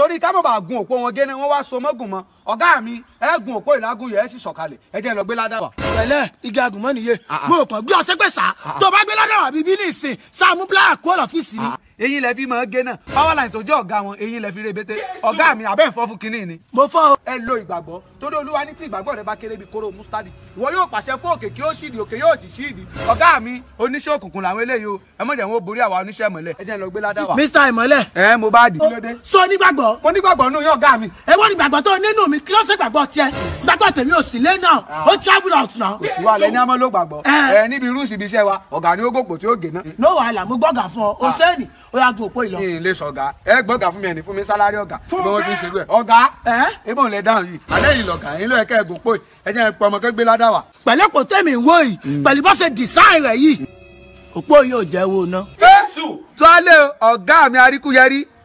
torí ká má bàa gun òpó wọn gé ni wá so mọ́gùn mọ́ ọ̀gá mi ẹ̀gùn òpó ìlágùn yẹn sì sọ̀kalẹ̀ ẹ jẹ́ lọ gbé ládàwà. pẹ̀lẹ́ igi agùnmọ́ nìyẹ ah, ah. mo kàn gbé ọ̀sẹ̀ gbèsà ah, tó o bá gbé ládàwà bíi bí nìsín sáàmù bíláà kó lọ́fíìsì ni. eyín lẹ fi máa gé náà power line tó jẹ́ ọ̀gá wọn eyín lẹ fi ré bété ọ̀gá mi abẹ́ ń fọ́ fún kinní ni. mo fọ́ o. ẹ lo ìgbàgbọ́ torí olúwa ní tí ìgbàgbọ́ rẹ bá kéré bíi kóró mustadi ìwọ yóò pàṣẹ fún òkè kí ó ṣìdì òkè yóò sì ṣìdì ọ̀gá mi oníṣẹ́ òkùnkùn làwọn eléyìí o ẹ mọ̀jẹ̀ wọn ó borí àwa oníṣẹ́ ìmọ̀lẹ̀ ẹ jẹ́ mo bá dì. so onígbàgbọ́. mo nígbàgbọ́ nù yín ọ̀gá mi. ẹ wọ́n nígbàgbọ́ kí ló ṣe gbàgbọ́ tiẹ̀ gbàgbọ́ tèmi ò sì lé náà ó travel out náà. oṣù wa lẹni àmọ́ ló gbàgbọ́ ẹ eh. eh, níbi rúùsì ibi iṣẹ́ wa ọ̀gá ni ó gòkò tí ó gè náà. no wàhálà mo gbọ́gà fún ọ o sẹ́ni ah. ó yà gùn òpó ìlọ. kí n lè sọ ọ̀gá ẹ gbọ́gà fún mi ẹni fún mi sálárì ọ̀gá lọ́wọ́ fi ń ṣerú ẹ̀ ọ̀gá ibò eh? ń lè dáhùn yìí alẹ́ yìí lọ̀gá yín ló ẹ̀kẹ́ ẹ̀ gòpó ẹ jẹ́ pé ọmọ kẹ́ gbé ládàá wa. pẹ̀lú kò tẹ́mi ń wò yìí hmm. pẹ̀lú bó ṣe design rẹ̀ yìí òpó yóò jẹ́ wo ná. jésù. tó a lé ọ̀gá mi aríkúyẹrí